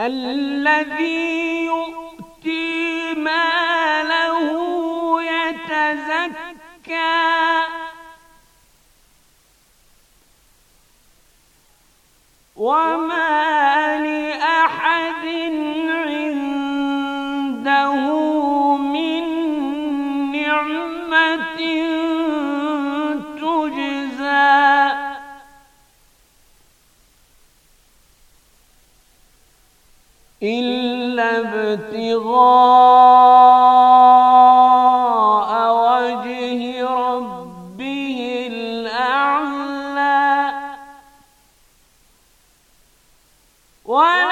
الذي يؤتي ماله يتزكى وما لأحد ابتغاء وجه ربه الأعلى ولا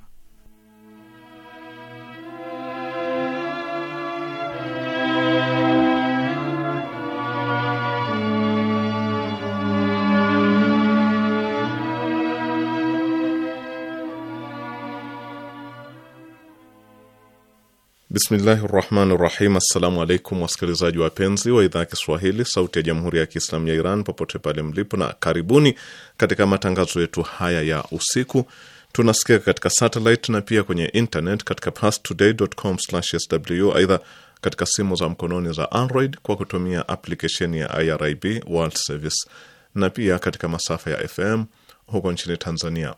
Bismillahi rahmani rahim. Assalamu alaikum wasikilizaji wapenzi wa idhaa ya Kiswahili sauti ya jamhuri ya Kiislamu ya Iran popote pale mlipo, na karibuni katika matangazo yetu haya ya usiku. Tunasikia katika satellite na pia kwenye internet katika parstoday.com/sw. Aidha, katika simu za mkononi za Android kwa kutumia aplikesheni ya IRIB World Service na pia katika masafa ya FM huko nchini Tanzania,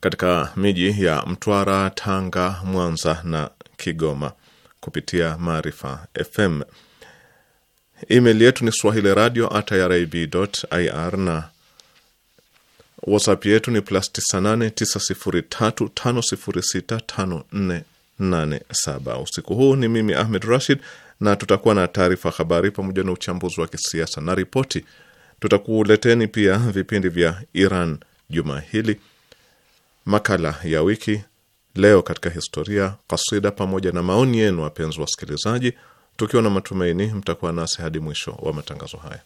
katika miji ya Mtwara, Tanga, Mwanza na Kigoma kupitia Maarifa FM. Email yetu ni swahili radio at irib ir na whatsapp yetu ni plus 989035065487. Usiku huu ni mimi Ahmed Rashid na tutakuwa na taarifa habari pamoja na uchambuzi wa kisiasa na ripoti. Tutakuleteni pia vipindi vya Iran juma hili, makala ya wiki leo katika historia, kasida pamoja na maoni yenu, wapenzi wasikilizaji, tukiwa na matumaini mtakuwa nasi hadi mwisho wa matangazo haya.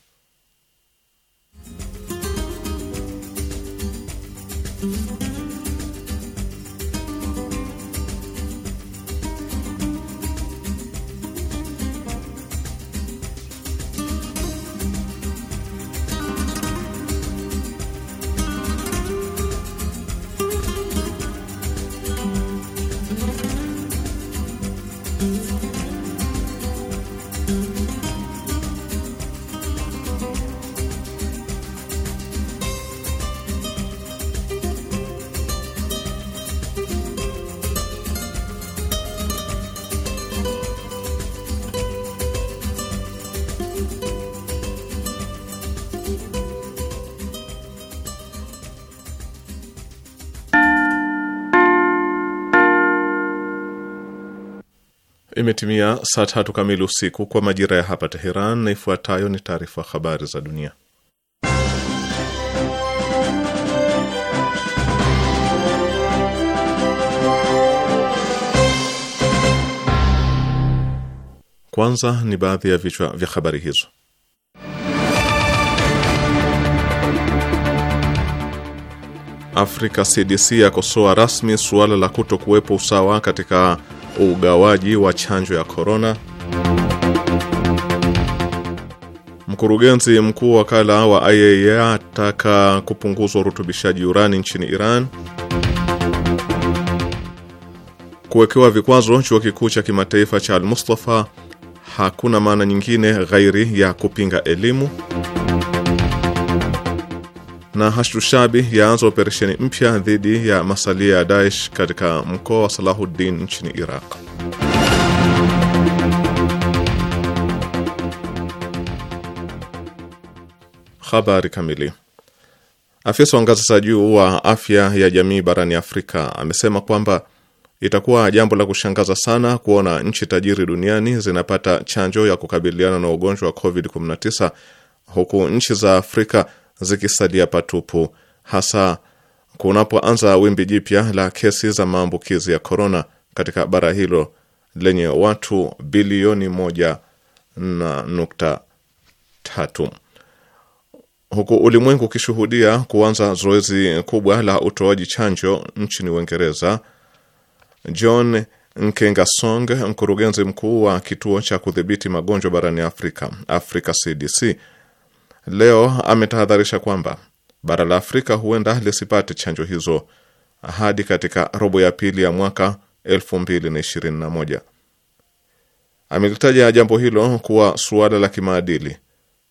Imetimia saa tatu kamili usiku kwa majira ya hapa Teheran, na ifuatayo ni taarifa habari za dunia. Kwanza ni baadhi ya vichwa vya habari hizo. Afrika CDC yakosoa rasmi suala la kuto kuwepo usawa katika ugawaji wa chanjo ya korona. Mkurugenzi mkuu wa kala wa IAEA e ataka kupunguzwa urutubishaji urani nchini Iran. Kuwekewa vikwazo chuo kikuu cha kimataifa cha Al-Mustafa hakuna maana nyingine ghairi ya kupinga elimu na Hashdushabi yaanza operesheni mpya dhidi ya masalia ya Daesh katika mkoa wa Salahuddin nchini Iraq. Habari kamili. Afisa wa ngazi za juu wa afya ya jamii barani Afrika amesema kwamba itakuwa jambo la kushangaza sana kuona nchi tajiri duniani zinapata chanjo ya kukabiliana na ugonjwa wa COVID-19 huku nchi za Afrika zikisalia patupu, hasa kunapoanza wimbi jipya la kesi za maambukizi ya korona katika bara hilo lenye watu bilioni moja na nukta tatu huku ulimwengu ukishuhudia kuanza zoezi kubwa la utoaji chanjo nchini Uingereza, John Nkengasong, mkurugenzi mkuu wa kituo cha kudhibiti magonjwa barani Afrika, Africa CDC, leo ametahadharisha kwamba bara la Afrika huenda lisipate chanjo hizo hadi katika robo ya pili ya mwaka 2021. Amelitaja jambo hilo kuwa suala la kimaadili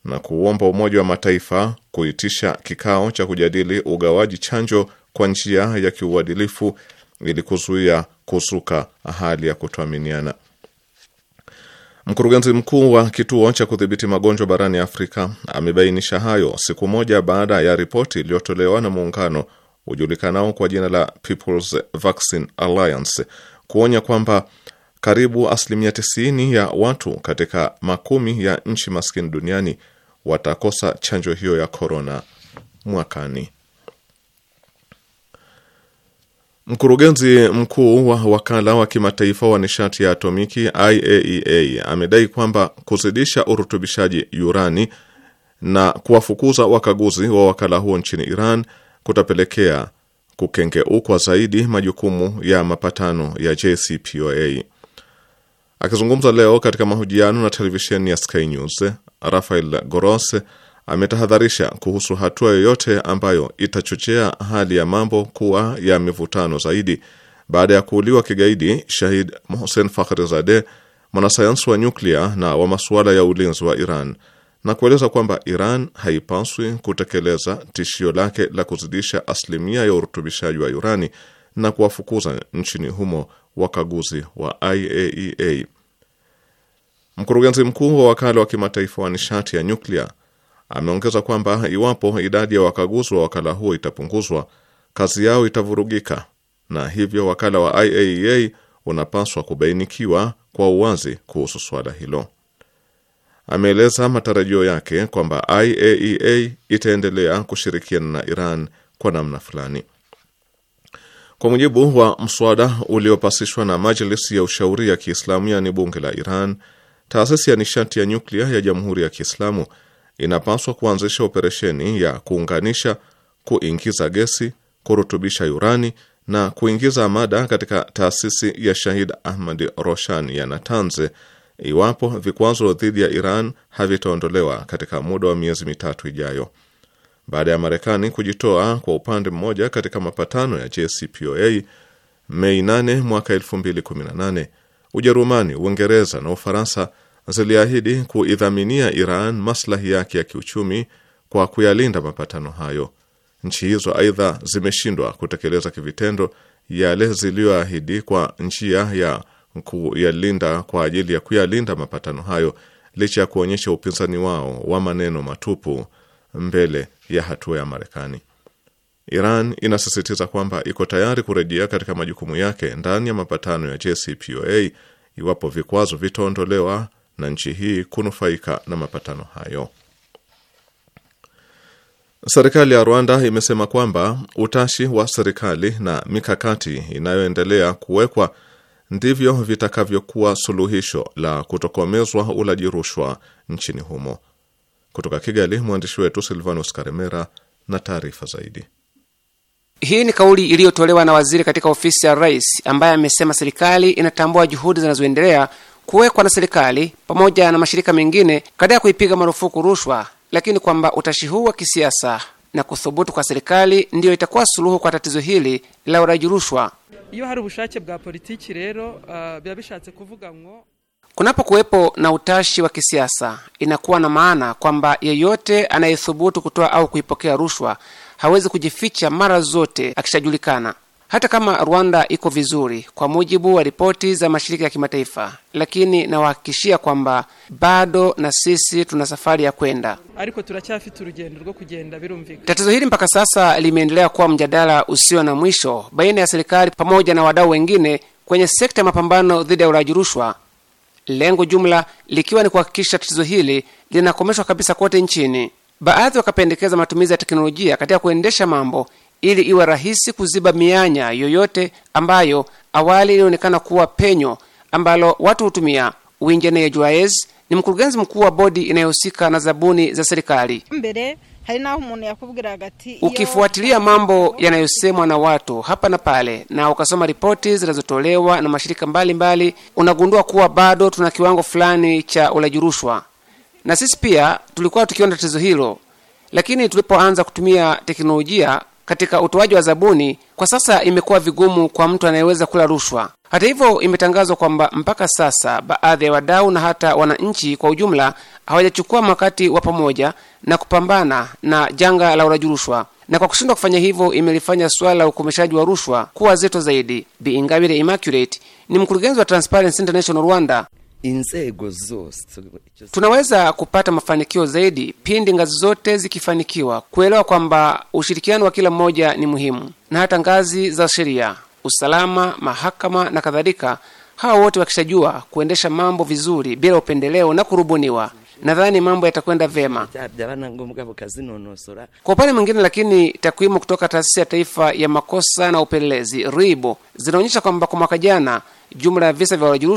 na kuuomba Umoja wa Mataifa kuitisha kikao cha kujadili ugawaji chanjo kwa njia ya kiuadilifu ili kuzuia kuzuka hali ya kutoaminiana. Mkurugenzi mkuu wa kituo cha kudhibiti magonjwa barani Afrika amebainisha hayo siku moja baada ya ripoti iliyotolewa na muungano hujulikanao kwa jina la People's Vaccine Alliance kuonya kwamba karibu asilimia 90 ya watu katika makumi ya nchi maskini duniani watakosa chanjo hiyo ya korona mwakani. Mkurugenzi mkuu wa wakala wa kimataifa wa nishati ya atomiki IAEA e amedai kwamba kuzidisha urutubishaji urani na kuwafukuza wakaguzi wa wakala huo nchini Iran kutapelekea kukengeukwa zaidi majukumu ya mapatano ya JCPOA. Akizungumza leo katika mahojiano na televisheni ya Sky News, Rafael Grossi ametahadharisha kuhusu hatua yoyote ambayo itachochea hali ya mambo kuwa ya mivutano zaidi baada ya kuuliwa kigaidi Shahid Mohsen zade mwanasayansi wa nyuklia na wa masuala ya ulinzi wa Iran, na kueleza kwamba Iran haipaswi kutekeleza tishio lake la kuzidisha asilimia ya urutubishaji wa urani na kuwafukuza nchini humo wakaguzi wa IAEA. E Mkurugenzi mkuu wa wakala wa kimataifa wa nishati ya nyuklia Ameongeza kwamba iwapo idadi ya wakaguzi wa wakala huo itapunguzwa, kazi yao itavurugika, na hivyo wakala wa IAEA e unapaswa kubainikiwa kwa uwazi kuhusu suala hilo. Ameeleza matarajio yake kwamba IAEA e itaendelea kushirikiana na Iran kwa namna fulani. Kwa mujibu wa mswada uliopasishwa na Majlisi ya Ushauri ya Kiislamu, yaani bunge la Iran, taasisi ya nishati ya nyuklia ya Jamhuri ya Kiislamu inapaswa kuanzisha operesheni ya kuunganisha, kuingiza gesi, kurutubisha urani na kuingiza mada katika taasisi ya Shahid Ahmad roshan ya natanze iwapo vikwazo dhidi ya Iran havitaondolewa katika muda wa miezi mitatu ijayo. Baada ya Marekani kujitoa kwa upande mmoja katika mapatano ya JCPOA Mei 8 mwaka 2018, Ujerumani, Uingereza na Ufaransa ziliahidi kuidhaminia Iran maslahi yake ya kiuchumi kwa kuyalinda mapatano hayo. Nchi hizo aidha zimeshindwa kutekeleza kivitendo yale ziliyoahidi kwa njia ya kuyalinda kwa ajili ya kuyalinda mapatano hayo licha ya kuonyesha upinzani wao wa maneno matupu mbele ya hatua ya Marekani. Iran inasisitiza kwamba iko tayari kurejea katika majukumu yake ndani ya mapatano ya JCPOA iwapo vikwazo vitaondolewa na nchi hii kunufaika na mapatano hayo. Serikali ya Rwanda imesema kwamba utashi wa serikali na mikakati inayoendelea kuwekwa ndivyo vitakavyokuwa suluhisho la kutokomezwa ulaji rushwa nchini humo. Kutoka Kigali, mwandishi wetu Silvanus Karemera na taarifa zaidi. Hii ni kauli iliyotolewa na waziri katika ofisi ya rais, ambaye amesema serikali inatambua juhudi zinazoendelea kuwekwa na serikali pamoja na mashirika mengine katika kuipiga marufuku rushwa, lakini kwamba utashi huu wa kisiasa na kuthubutu kwa serikali ndiyo itakuwa suluhu kwa tatizo hili la uraji rushwa. Ah, kuwepo na utashi wa kisiasa, inakuwa na maana kwamba yeyote anayethubutu kutoa au kuipokea rushwa hawezi kujificha mara zote akishajulikana hata kama Rwanda iko vizuri kwa mujibu wa ripoti za mashirika ya kimataifa, lakini nawahakikishia kwamba bado na sisi tuna safari ya kwenda. Tatizo hili mpaka sasa limeendelea kuwa mjadala usio na mwisho baina ya serikali pamoja na wadau wengine kwenye sekta ya mapambano dhidi ya ulaji rushwa, lengo jumla likiwa ni kuhakikisha tatizo hili linakomeshwa kabisa kote nchini. Baadhi wakapendekeza matumizi ya teknolojia katika kuendesha mambo ili iwe rahisi kuziba mianya yoyote ambayo awali ilionekana kuwa penyo ambalo watu hutumia. Uwinjeneye Juaez ni mkurugenzi mkuu wa bodi inayohusika na zabuni za serikali. Ukifuatilia mambo yanayosemwa na watu hapa na pale na ukasoma ripoti zinazotolewa na mashirika mbalimbali mbali, unagundua kuwa bado tuna kiwango fulani cha ulaji rushwa, na sisi pia tulikuwa tukiona tatizo hilo, lakini tulipoanza kutumia teknolojia katika utoaji wa zabuni, kwa sasa imekuwa vigumu kwa mtu anayeweza kula rushwa. Hata hivyo, imetangazwa kwamba mpaka sasa baadhi ya wadau na hata wananchi kwa ujumla hawajachukua mwakati wa pamoja na kupambana na janga la ulaji rushwa, na kwa kushindwa kufanya hivyo imelifanya suala la ukomeshaji wa rushwa kuwa zito zaidi. Bi Ingabire Immaculate ni mkurugenzi wa Transparency International Rwanda inzego zose tunaweza kupata mafanikio zaidi pindi ngazi zote zikifanikiwa kuelewa kwamba ushirikiano wa kila mmoja ni muhimu, na hata ngazi za sheria, usalama, mahakama na kadhalika. Hawa wote wakishajua kuendesha mambo vizuri bila upendeleo na kurubuniwa, nadhani mambo yatakwenda vyema. Kwa upande mwingine, lakini takwimu kutoka taasisi ya taifa ya makosa na upelelezi RIBO zinaonyesha kwamba kwa mwaka jana jumla ya visa vya ulaji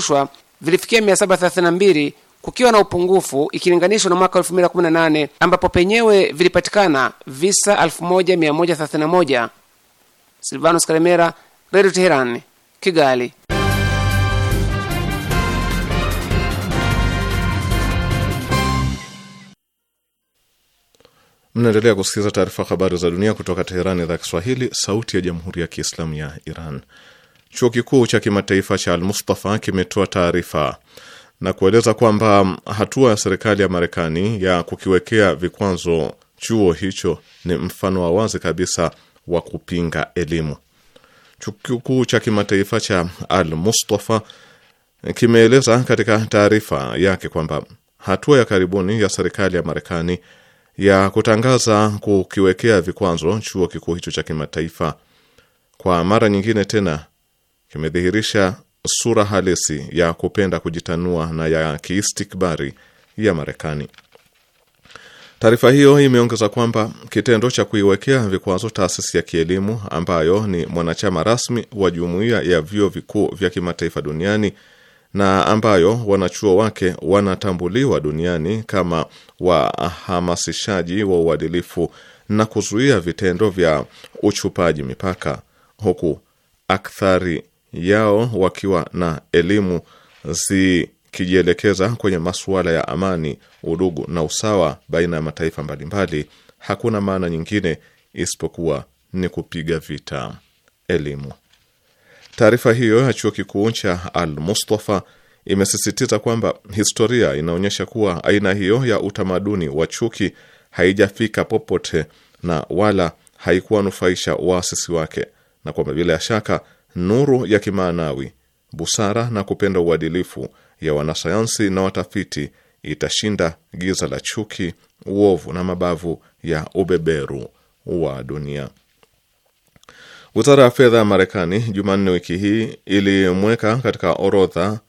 vilifikia 732 kukiwa na upungufu ikilinganishwa na mwaka 2018 ambapo penyewe vilipatikana visa 1131. Silvanus Karemera, Redio teheran Kigali. Mnaendelea kusikiliza taarifa habari za dunia kutoka Teherani, idhaa Kiswahili, sauti ya jamhuri ya kiislamu ya Iran. Chuo kikuu cha kimataifa cha Almustafa kimetoa taarifa na kueleza kwamba hatua ya serikali ya Marekani ya kukiwekea vikwazo chuo hicho ni mfano wa wazi kabisa wa kupinga elimu. Chuo kikuu cha kimataifa cha Al-Mustafa kimeeleza katika taarifa yake kwamba hatua ya karibuni ya serikali ya Marekani ya kutangaza kukiwekea vikwazo chuo kikuu hicho cha kimataifa kwa mara nyingine tena kimedhihirisha sura halisi ya kupenda kujitanua na ya kiistikbari ya Marekani. Taarifa hiyo imeongeza kwamba kitendo cha kuiwekea vikwazo taasisi ya kielimu ambayo ni mwanachama rasmi wa jumuiya ya vyuo vikuu vya kimataifa duniani na ambayo wanachuo wake wanatambuliwa duniani kama wahamasishaji wa uadilifu na kuzuia vitendo vya uchupaji mipaka, huku akthari yao wakiwa na elimu zikijielekeza kwenye masuala ya amani, udugu na usawa baina ya mataifa mbalimbali, hakuna maana nyingine isipokuwa ni kupiga vita elimu. Taarifa hiyo ya chuo kikuu cha Al Mustafa imesisitiza kwamba historia inaonyesha kuwa aina hiyo ya utamaduni wa chuki haijafika popote na wala haikuwanufaisha waasisi wake, na kwamba bila shaka nuru ya kimaanawi, busara na kupenda uadilifu ya wanasayansi na watafiti itashinda giza la chuki, uovu na mabavu ya ubeberu wa dunia. Wizara ya fedha ya Marekani Jumanne wiki hii ilimweka katika orodha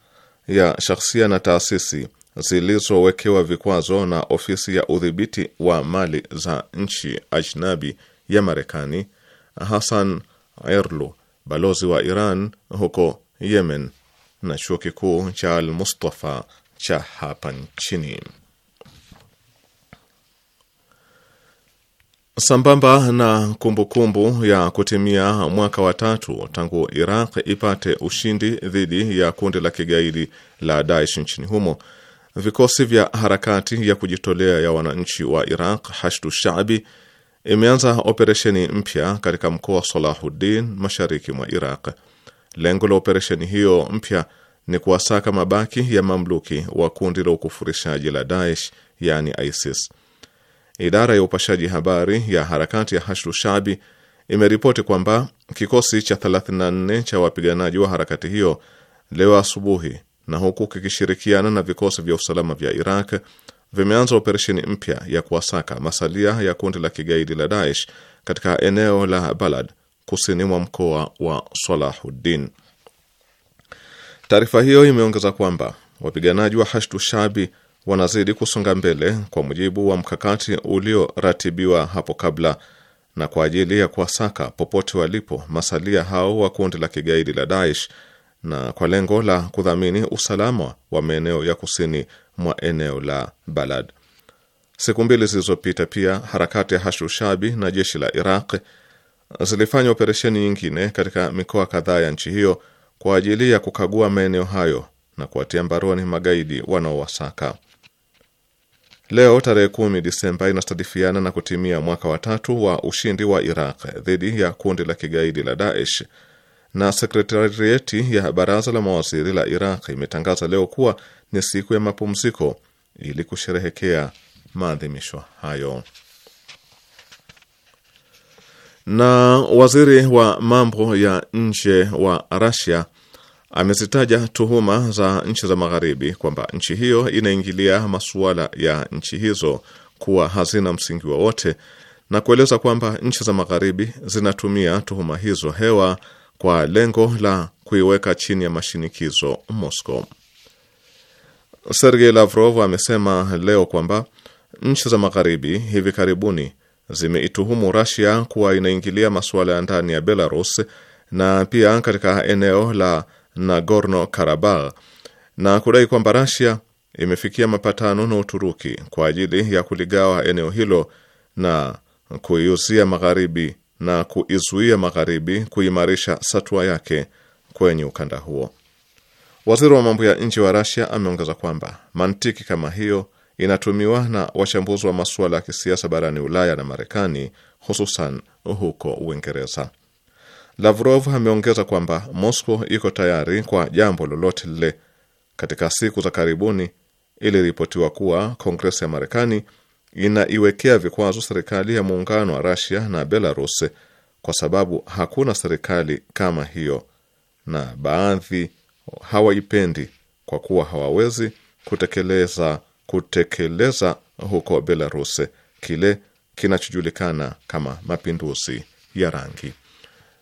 ya shakhsia na taasisi zilizowekewa vikwazo na ofisi ya udhibiti wa mali za nchi ajnabi ya Marekani Hassan Erlu balozi wa Iran huko Yemen na chuo kikuu cha Al Mustafa cha hapa nchini. Sambamba na kumbukumbu kumbu ya kutimia mwaka wa tatu tangu Iraq ipate ushindi dhidi ya kundi la kigaidi la Daesh nchini humo, vikosi vya harakati ya kujitolea ya wananchi wa Iraq Hashdu Shaabi imeanza operesheni mpya katika mkoa wa Salahuddin mashariki mwa Iraq. Lengo la operesheni hiyo mpya ni kuwasaka mabaki ya mamluki wa kundi la ukufurishaji la Daesh, yani ISIS. Idara ya upashaji habari ya harakati ya Hashdu Shabi imeripoti kwamba kikosi cha 34 cha wapiganaji wa harakati hiyo leo asubuhi, na huku kikishirikiana na vikosi vya usalama vya Iraq vimeanza operesheni mpya ya kuwasaka masalia ya kundi la kigaidi la Daesh katika eneo la Balad kusini mwa mkoa wa Salahuddin. Taarifa hiyo imeongeza kwamba wapiganaji wa Hashdu Shabi wanazidi kusonga mbele kwa mujibu wa mkakati ulioratibiwa hapo kabla na kwa ajili ya kuwasaka popote walipo masalia hao wa kundi la kigaidi la Daesh na kwa lengo la kudhamini usalama wa maeneo ya kusini mwa eneo la Balad. Siku mbili zilizopita pia harakati ya hashushabi Shabi na jeshi la Iraq zilifanya operesheni nyingine katika mikoa kadhaa ya nchi hiyo kwa ajili ya kukagua maeneo hayo na kuwatia mbaroni magaidi wanaowasaka. Leo tarehe kumi Disemba inastadifiana na kutimia mwaka wa tatu wa ushindi wa Iraq dhidi ya kundi la kigaidi la Daesh na sekretarieti ya baraza la mawaziri la Iraq imetangaza leo kuwa ni siku ya mapumziko ili kusherehekea maadhimisho hayo. Na waziri wa mambo ya nje wa rasia amezitaja tuhuma za nchi za magharibi kwamba nchi hiyo inaingilia masuala ya nchi hizo kuwa hazina msingi wowote na kueleza kwamba nchi za magharibi zinatumia tuhuma hizo hewa kwa lengo la kuiweka chini ya mashinikizo Moscow. Sergei Lavrov amesema leo kwamba nchi za magharibi hivi karibuni zimeituhumu Russia kuwa inaingilia masuala ya ndani ya Belarus na pia katika eneo la Nagorno Karabakh na kudai kwamba Russia imefikia mapatano na Uturuki kwa ajili ya kuligawa eneo hilo na kuiuzia magharibi na kuizuia Magharibi kuimarisha satwa yake kwenye ukanda huo. Waziri wa mambo ya nje wa Rasia ameongeza kwamba mantiki kama hiyo inatumiwa na wachambuzi wa masuala ya kisiasa barani Ulaya na Marekani, hususan huko Uingereza. Lavrov ameongeza kwamba Moscow iko tayari kwa jambo lolote lile. Katika siku za karibuni iliripotiwa kuwa Kongresi ya Marekani inaiwekea vikwazo serikali ya muungano wa Russia na Belarus kwa sababu hakuna serikali kama hiyo, na baadhi hawaipendi kwa kuwa hawawezi kutekeleza kutekeleza huko Belarus kile kinachojulikana kama mapinduzi ya rangi.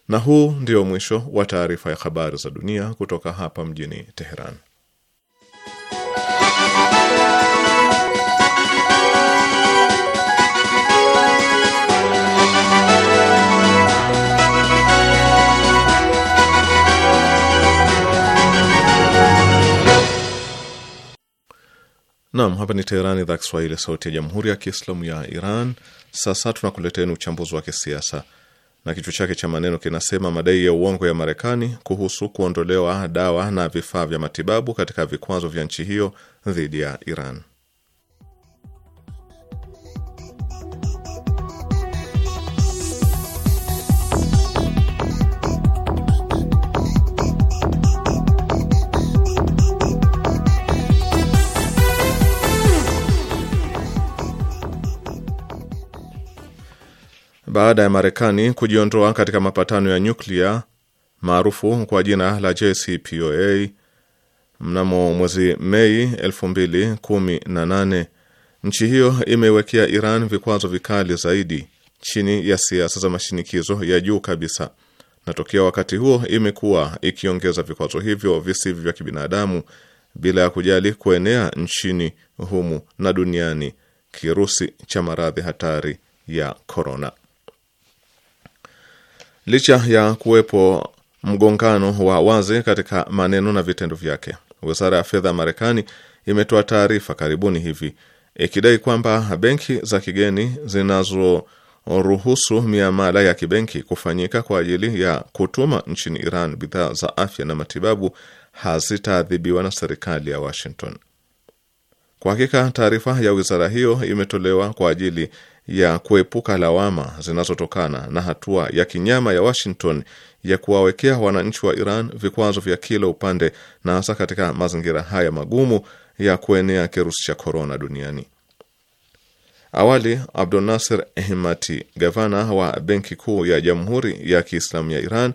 Na huu ndio mwisho wa taarifa ya habari za dunia kutoka hapa mjini Teheran. Naam, hapa ni Teherani, idhaa Kiswahili, sauti ya jamhuri ya kiislamu ya Iran. Sasa tunakuleteeni uchambuzi wa kisiasa na kichwa chake cha maneno kinasema madai ya uongo ya Marekani kuhusu kuondolewa dawa na vifaa vya matibabu katika vikwazo vya nchi hiyo dhidi ya Iran. baada ya Marekani kujiondoa katika mapatano ya nyuklia maarufu kwa jina la JCPOA mnamo mwezi Mei 2018, nchi hiyo imewekea Iran vikwazo vikali zaidi chini ya siasa za mashinikizo ya juu kabisa, na tokea wakati huo imekuwa ikiongeza vikwazo hivyo visivyo vya kibinadamu bila ya kujali kuenea nchini humu na duniani kirusi cha maradhi hatari ya korona licha ya kuwepo mgongano wa wazi katika maneno na vitendo vyake. Wizara ya fedha ya Marekani imetoa taarifa karibuni hivi ikidai kwamba benki za kigeni zinazoruhusu miamala ya kibenki kufanyika kwa ajili ya kutuma nchini Iran bidhaa za afya na matibabu hazitaadhibiwa na serikali ya Washington. Kwa hakika taarifa ya wizara hiyo imetolewa kwa ajili ya kuepuka lawama zinazotokana na hatua ya kinyama ya Washington ya kuwawekea wananchi wa Iran vikwazo vya kila upande na hasa katika mazingira haya magumu ya kuenea kirusi cha korona duniani. Awali, Abdul Nasir Hemati, gavana wa Benki Kuu ya Jamhuri ya Kiislamu ya Iran,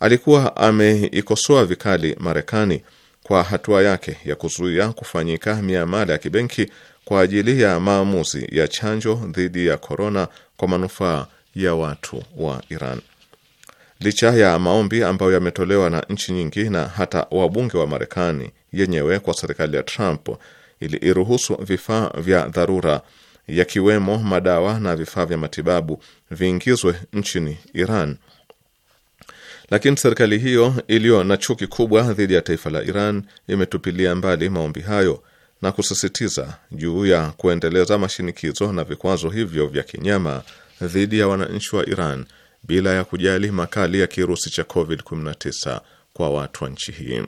alikuwa ameikosoa vikali Marekani kwa hatua yake ya kuzuia kufanyika miamala ya kibenki kwa ajili ya maamuzi ya chanjo dhidi ya korona kwa manufaa ya watu wa Iran. Licha ya maombi ambayo yametolewa na nchi nyingi na hata wabunge wa Marekani yenyewe kwa serikali ya Trump ili iruhusu vifaa vya dharura yakiwemo madawa na vifaa vya matibabu viingizwe nchini Iran, lakini serikali hiyo iliyo na chuki kubwa dhidi ya taifa la Iran imetupilia mbali maombi hayo na kusisitiza juu ya kuendeleza mashinikizo na vikwazo hivyo vya kinyama dhidi ya wananchi wa Iran bila ya kujali makali ya kirusi cha COVID-19 kwa watu wa nchi hii.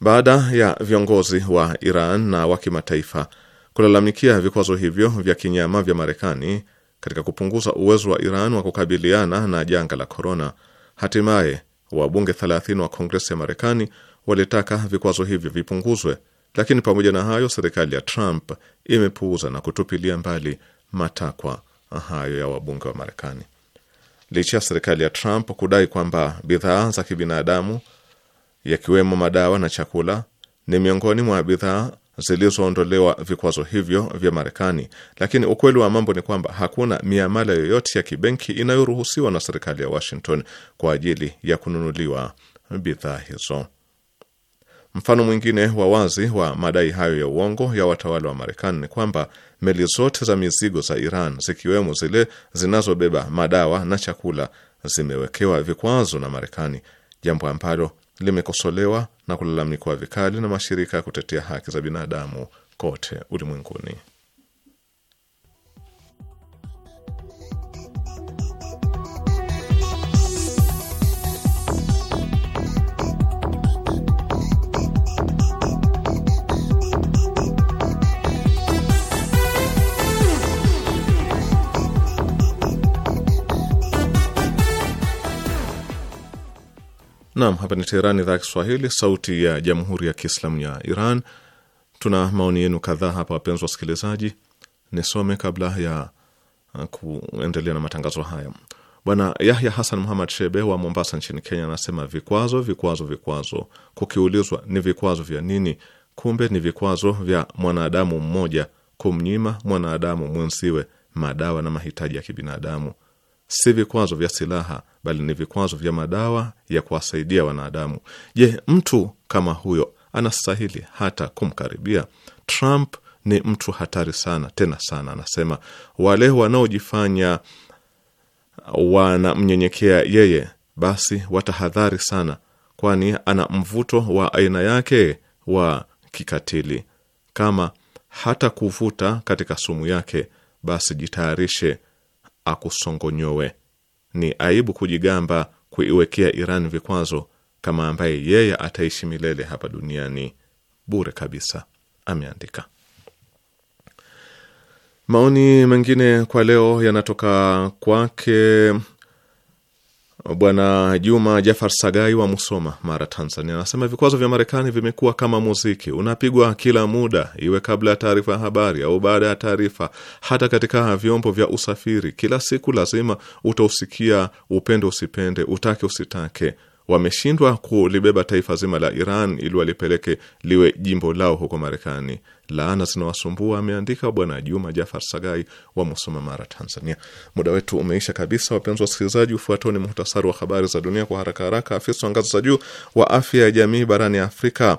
Baada ya viongozi wa Iran na wa kimataifa kulalamikia vikwazo hivyo vya kinyama vya Marekani katika kupunguza uwezo wa Iran wa kukabiliana na janga la korona, hatimaye wabunge 30 wa Kongresi ya Marekani walitaka vikwazo hivyo vipunguzwe lakini pamoja na hayo, serikali ya Trump imepuuza na kutupilia mbali matakwa hayo ya wabunge wa Marekani. Licha ya serikali ya Trump kudai kwamba bidhaa za kibinadamu yakiwemo madawa na chakula ni miongoni mwa bidhaa zilizoondolewa vikwazo hivyo vya Marekani, lakini ukweli wa mambo ni kwamba hakuna miamala yoyote ya kibenki inayoruhusiwa na serikali ya Washington kwa ajili ya kununuliwa bidhaa hizo. Mfano mwingine wa wazi wa madai hayo ya uongo ya watawala wa Marekani ni kwamba meli zote za mizigo za Iran zikiwemo zile zinazobeba madawa na chakula zimewekewa vikwazo na Marekani, jambo ambalo limekosolewa na kulalamikwa vikali na mashirika ya kutetea haki za binadamu kote ulimwenguni. Naam, hapa ni Teherani, idhaa ya Kiswahili, sauti ya jamhuri ya kiislamu ya Iran. Tuna maoni yenu kadhaa hapa, wapenzi wasikilizaji, nisome kabla ya uh, kuendelea na matangazo haya. Bwana Yahya Hasan Muhamad Shebe wa Mombasa nchini Kenya anasema vikwazo, vikwazo, vikwazo. Kukiulizwa ni vikwazo vya nini, kumbe ni vikwazo vya mwanadamu mmoja kumnyima mwanadamu mwenziwe madawa na mahitaji ya kibinadamu si vikwazo vya silaha, bali ni vikwazo vya madawa ya kuwasaidia wanadamu. Je, mtu kama huyo anastahili hata kumkaribia? Trump ni mtu hatari sana, tena sana. Anasema wale wanaojifanya wanamnyenyekea yeye, basi watahadhari sana, kwani ana mvuto wa aina yake wa kikatili. Kama hata kuvuta katika sumu yake, basi jitayarishe akusongonyowe. Ni aibu kujigamba kuiwekea Iran vikwazo kama ambaye yeye ataishi milele hapa duniani bure kabisa, ameandika. Maoni mengine kwa leo yanatoka kwake Bwana Juma Jafar Sagai wa Musoma, Mara, Tanzania, anasema vikwazo vya Marekani vimekuwa kama muziki unapigwa kila muda, iwe kabla ya taarifa ya habari au baada ya taarifa, hata katika vyombo vya usafiri. Kila siku lazima utausikia, upende usipende, utake usitake wameshindwa kulibeba taifa zima la Iran ili walipeleke liwe jimbo lao huko Marekani. Laana zinawasumbua, ameandika Bwana Juma Jafar Sagai wa Musoma, Mara, Tanzania. Muda wetu umeisha kabisa, wapenzi wasikilizaji. Ufuatao ni muhtasari wa habari za dunia kwa haraka haraka. Afisa wa ngazi za juu wa afya ya jamii barani Afrika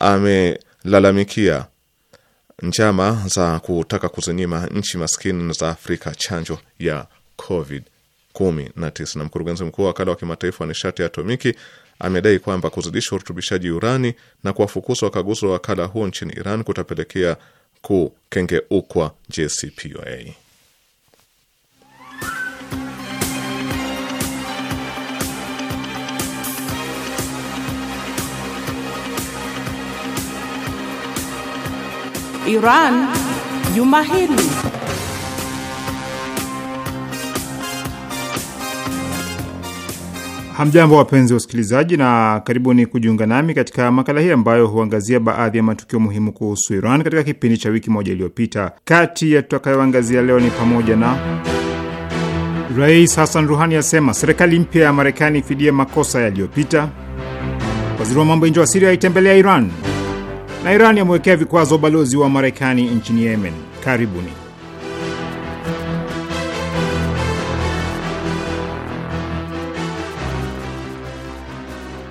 amelalamikia njama za kutaka kuzinyima nchi maskini za Afrika chanjo ya COVID 19. Na mkurugenzi mkuu wa wakala wa kimataifa wa nishati ya atomiki amedai kwamba kuzidisha urutubishaji urani na kuwafukuza wakaguzi wa wakala huo nchini Iran kutapelekea kukengeukwa JCPOA. Iran Juma hili Hamjambo, wapenzi wa usikilizaji, na karibuni kujiunga nami katika makala hii ambayo huangazia baadhi ya matukio muhimu kuhusu Iran katika kipindi cha wiki moja iliyopita. Kati ya tutakayoangazia leo ni pamoja na Rais Hassan Ruhani asema serikali mpya ya Marekani ifidie makosa yaliyopita, waziri wa mambo ya nje wa Siria aitembelea Iran na Iran yamewekea vikwazo balozi wa Marekani nchini Yemen. Karibuni.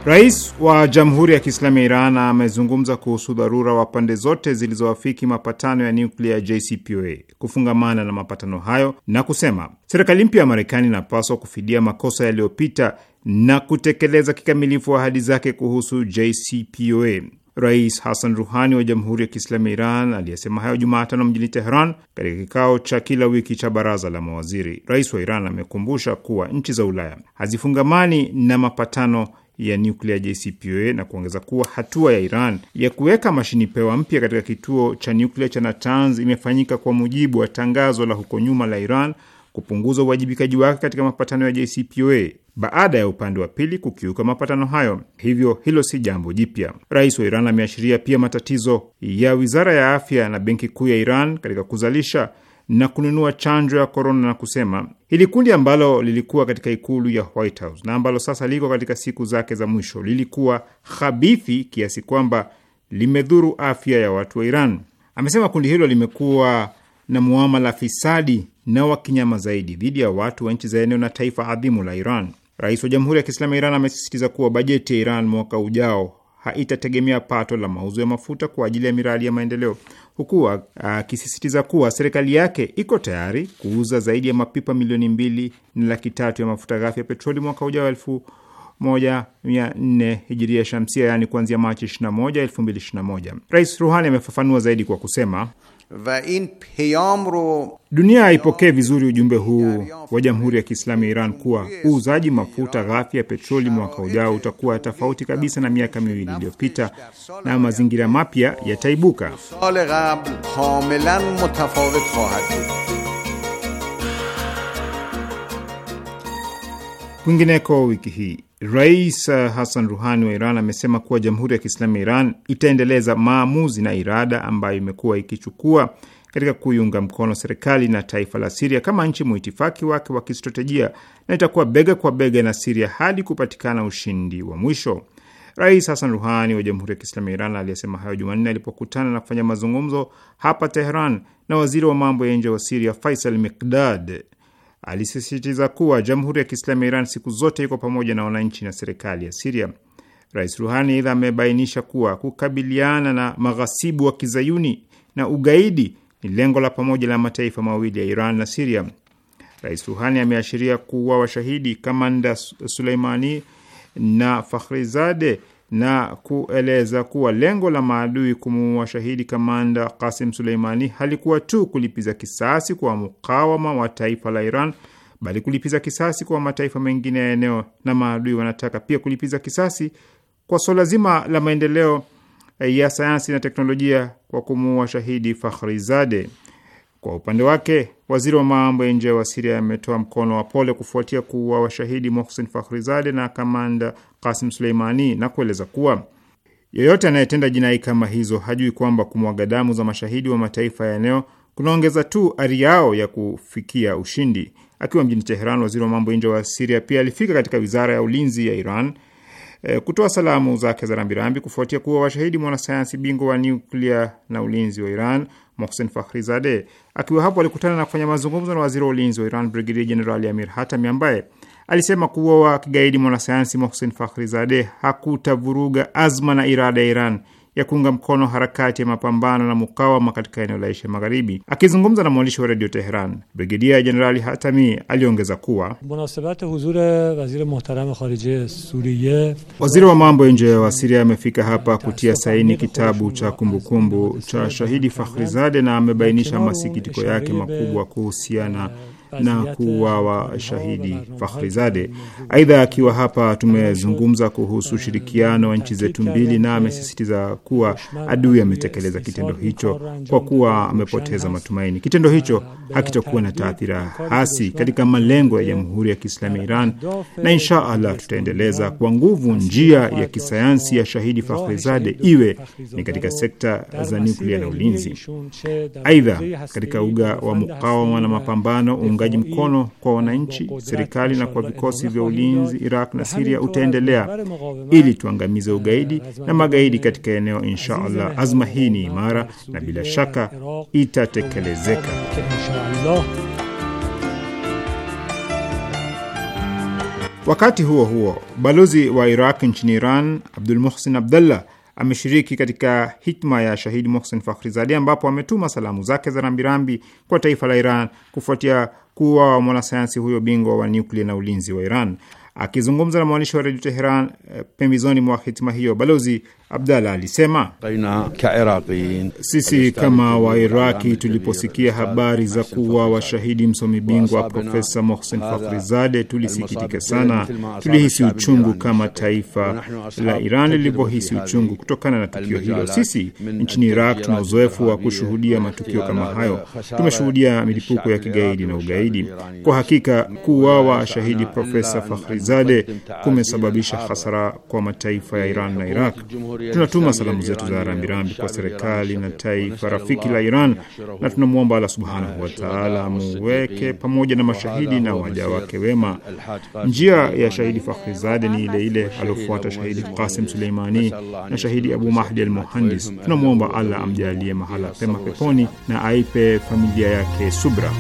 Rais wa Jamhuri ya Kiislamu ya Iran amezungumza kuhusu dharura wa pande zote zilizoafiki mapatano ya nyuklia JCPOA kufungamana na mapatano hayo na kusema serikali mpya ya Marekani inapaswa kufidia makosa yaliyopita na kutekeleza kikamilifu ahadi zake kuhusu JCPOA. Rais Hassan Ruhani wa Jamhuri ya Kiislamu ya Iran aliyesema hayo Jumaatano mjini Teheran katika kikao cha kila wiki cha baraza la mawaziri. Rais wa Iran amekumbusha kuwa nchi za Ulaya hazifungamani na mapatano ya nyuklia JCPOA na kuongeza kuwa hatua ya Iran ya kuweka mashini pewa mpya katika kituo cha nyuklia cha Natanz imefanyika kwa mujibu wa tangazo la huko nyuma la Iran kupunguza uwajibikaji wake katika mapatano ya JCPOA baada ya upande wa pili kukiuka mapatano hayo. Hivyo hilo si jambo jipya. Rais wa Iran ameashiria pia matatizo ya wizara ya afya na benki kuu ya Iran katika kuzalisha na kununua chanjo ya korona na kusema hili kundi ambalo lilikuwa katika ikulu ya White House na ambalo sasa liko katika siku zake za mwisho lilikuwa habithi kiasi kwamba limedhuru afya ya watu wa Iran. Amesema kundi hilo limekuwa na muamala fisadi na wa kinyama zaidi dhidi ya watu wa nchi za eneo na taifa adhimu la Iran. Rais wa Jamhuri ya Kiislamu ya Iran amesisitiza kuwa bajeti ya Iran mwaka ujao haitategemea pato la mauzo ya mafuta kwa ajili ya miradi ya maendeleo huku akisisitiza kuwa serikali yake iko tayari kuuza zaidi ya mapipa milioni mbili na laki tatu ya mafuta ghafi ya petroli mwaka ujao elfu 14 hijiria shamsia, yaani kuanzia Machi 21, 2021. Rais Ruhani amefafanua zaidi kwa kusema dunia aipokee vizuri ujumbe huu wa Jamhuri ya Kiislamu ya Iran kuwa uuzaji mafuta ghafi ya petroli mwaka ujao utakuwa tofauti kabisa na miaka miwili iliyopita na mazingira mapya yataibuka. Kwingineko wiki hii Rais uh, Hassan Ruhani wa Iran amesema kuwa Jamhuri ya Kiislamu ya Iran itaendeleza maamuzi na irada ambayo imekuwa ikichukua katika kuiunga mkono serikali na taifa la Siria kama nchi mwitifaki wake wa kistratejia na itakuwa bega kwa bega na Siria hadi kupatikana ushindi wa mwisho. Rais Hassan Ruhani wa Jamhuri ya Kiislamu ya Iran aliyesema hayo Jumanne alipokutana na kufanya mazungumzo hapa Teheran na waziri wa mambo ya nje wa Siria Faisal Mikdad alisisitiza kuwa Jamhuri ya Kiislamu ya Iran siku zote iko pamoja na wananchi na serikali ya Siria. Rais Ruhani aidha amebainisha kuwa kukabiliana na maghasibu wa kizayuni na ugaidi ni lengo la pamoja la mataifa mawili ya Iran na Siria. Rais Ruhani ameashiria kuwa washahidi kamanda Suleimani na Fakhrizade na kueleza kuwa lengo la maadui kumuua shahidi kamanda Kasim Suleimani halikuwa tu kulipiza kisasi kwa mukawama wa taifa la Iran bali kulipiza kisasi kwa mataifa mengine ya eneo, na maadui wanataka pia kulipiza kisasi kwa suala zima la maendeleo ya sayansi na teknolojia kwa kumuua shahidi Fakhrizade. Kwa upande wake waziri wa mambo ya nje wa Siria ametoa mkono wa pole kufuatia kuwa washahidi Mohsen Fakhrizade na kamanda Kasim Suleimani na kueleza kuwa yeyote anayetenda jinai kama hizo hajui kwamba kumwaga damu za mashahidi wa mataifa ya eneo kunaongeza tu ari yao ya kufikia ushindi. Akiwa mjini Teheran, waziri wa mambo ya nje wa Siria pia alifika katika wizara ya ulinzi ya Iran e, kutoa salamu zake za rambirambi kufuatia kuwa washahidi mwanasayansi bingwa wa nyuklia na ulinzi wa Iran Mohsen zade Akiwa hapo alikutana na kufanya mazungumzo na waziri wa ulinzi wa Iran Brigedia Jenerali Amir Hatami ambaye alisema kuwa wa kigaidi mwanasayansi Mohsen Fakhrizadeh hakutavuruga azma na irada ya Iran ya kuunga mkono harakati ya mapambano na mukawama katika eneo la Asia Magharibi. Akizungumza na mwandishi wa redio Teheran, Brigedia Jenerali Hatami aliongeza kuwa waziri wa mambo ya nje wa Siria amefika hapa kutia saini kitabu cha kumbukumbu cha shahidi Fakhrizade na amebainisha masikitiko yake makubwa kuhusiana na kuwawa shahidi Fakhrizade. Aidha, akiwa hapa tumezungumza kuhusu ushirikiano wa nchi zetu mbili, na amesisitiza kuwa adui ametekeleza kitendo hicho kwa kuwa amepoteza matumaini. Kitendo hicho hakitakuwa na taathira hasi katika malengo ya Jamhuri ya Kiislamu ya Iran, na insha Allah tutaendeleza kwa nguvu njia ya kisayansi ya shahidi Fakhrizade, iwe ni katika sekta za nuklia na ulinzi. Aidha, katika uga wa mukawama na mapambano uungaji mkono kwa wananchi, serikali na kwa vikosi vya ulinzi Iraq na Siria utaendelea ili tuangamize eh, ugaidi na magaidi katika eneo insha Allah. Azma hii ni imara na bila shaka itatekelezeka. Wakati huo huo, balozi wa Iraq nchini Iran Abdul Muhsin Abdallah ameshiriki katika hikma ya shahidi Mohsen zadi ambapo ametuma salamu zake za rambirambi kwa taifa la Iran kufuatia kuwa mwanasayansi huyo bingwa wa nyuklia na ulinzi wa Iran. Akizungumza na mwandishi wa redio Teheran eh, pembezoni mwa hitima hiyo, balozi Abdallah alisema sisi kama Wairaki tuliposikia habari za kuwa washahidi msomi bingwa Profesa Mohsen Fakhrizade tulisikitika sana. Tulihisi uchungu kama taifa la Iran lilivyohisi uchungu kutokana na tukio hilo. Sisi nchini Iraq tuna uzoefu wa kushuhudia matukio kama hayo. Tumeshuhudia milipuko ya kigaidi na ugaidi. Kwa hakika kuwa shahidi Profesa Fakhrizade Akhundzade kumesababisha hasara kwa mataifa ya Iran na Iraq. Tunatuma salamu zetu za rambirambi kwa serikali na taifa rafiki la Iran na tunamwomba Allah subhanahu wataala muweke pamoja na mashahidi na waja wake wema. Njia ya shahidi Zade ni ile ile aliofuata shahidi Qasim Suleimani na shahidi Abu Mahdi al Muhandis. Tunamwomba Allah amjalie mahala pema peponi na aipe familia yake subra.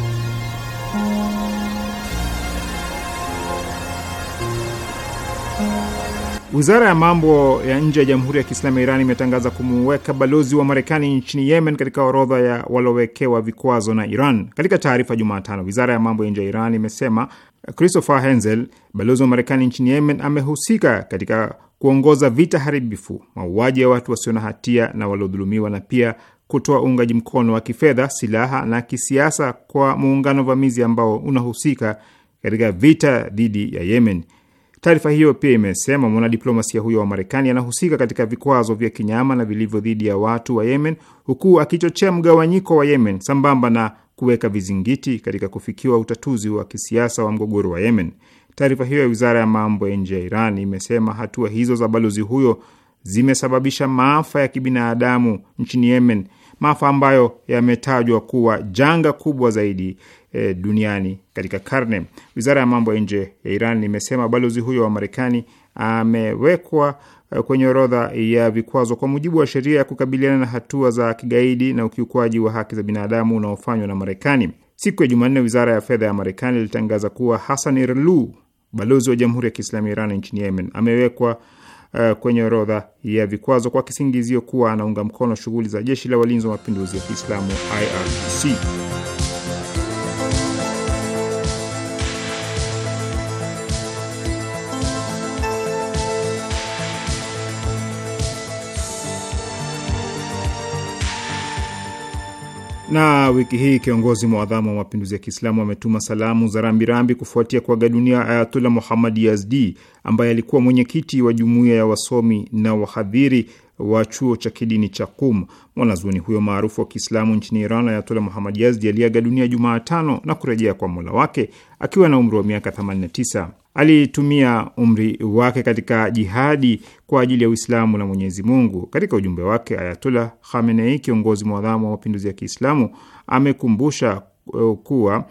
Wizara ya mambo ya nje ya Jamhuri ya Kiislamu ya Iran imetangaza kumuweka balozi wa Marekani nchini Yemen katika orodha ya waliowekewa vikwazo na Iran. Katika taarifa Jumatano, wizara ya mambo ya nje ya Iran imesema Christopher Henzel, balozi wa Marekani nchini Yemen, amehusika katika kuongoza vita haribifu, mauaji ya watu wasio na hatia na waliodhulumiwa, na pia kutoa uungaji mkono wa kifedha, silaha na kisiasa kwa muungano vamizi ambao unahusika katika vita dhidi ya Yemen. Taarifa hiyo pia imesema mwanadiplomasia huyo wa Marekani anahusika katika vikwazo vya kinyama na vilivyo dhidi ya watu wa Yemen, huku akichochea mgawanyiko wa Yemen sambamba na kuweka vizingiti katika kufikiwa utatuzi wa kisiasa wa mgogoro wa Yemen. Taarifa hiyo ya wizara ya mambo ya nje ya Iran imesema hatua hizo za balozi huyo zimesababisha maafa ya kibinadamu nchini Yemen maafa ambayo yametajwa kuwa janga kubwa zaidi e, duniani katika karne. Wizara ya mambo ya nje ya Iran imesema balozi huyo wa Marekani amewekwa e, kwenye orodha ya vikwazo kwa mujibu wa sheria ya kukabiliana na hatua za kigaidi na ukiukwaji wa haki za binadamu unaofanywa na Marekani. Siku ya Jumanne, wizara ya fedha ya Marekani ilitangaza kuwa Hassan Irloo, balozi wa Jamhuri ya Kiislamu ya Iran nchini Yemen, amewekwa uh, kwenye orodha ya vikwazo kwa kisingizio kuwa anaunga mkono shughuli za jeshi la walinzi wa mapinduzi ya Kiislamu IRGC. Na wiki hii kiongozi mwadhamu wa mapinduzi ya Kiislamu ametuma salamu za rambirambi kufuatia kuaga dunia Ayatullah Muhammad Yazdi ambaye alikuwa mwenyekiti wa jumuiya ya wasomi na wahadhiri wa chuo cha kidini cha Qum. Mwanazuoni huyo maarufu wa Kiislamu nchini Iran, Ayatola Muhammad Yazdi, aliaga dunia jumaatano na kurejea kwa Mola wake akiwa na umri wa miaka 89. Alitumia umri wake katika jihadi kwa ajili ya Uislamu na Mwenyezi Mungu. Katika ujumbe wake, Ayatola Khamenei, kiongozi mwadhamu wa mapinduzi ya Kiislamu, amekumbusha uh, kuwa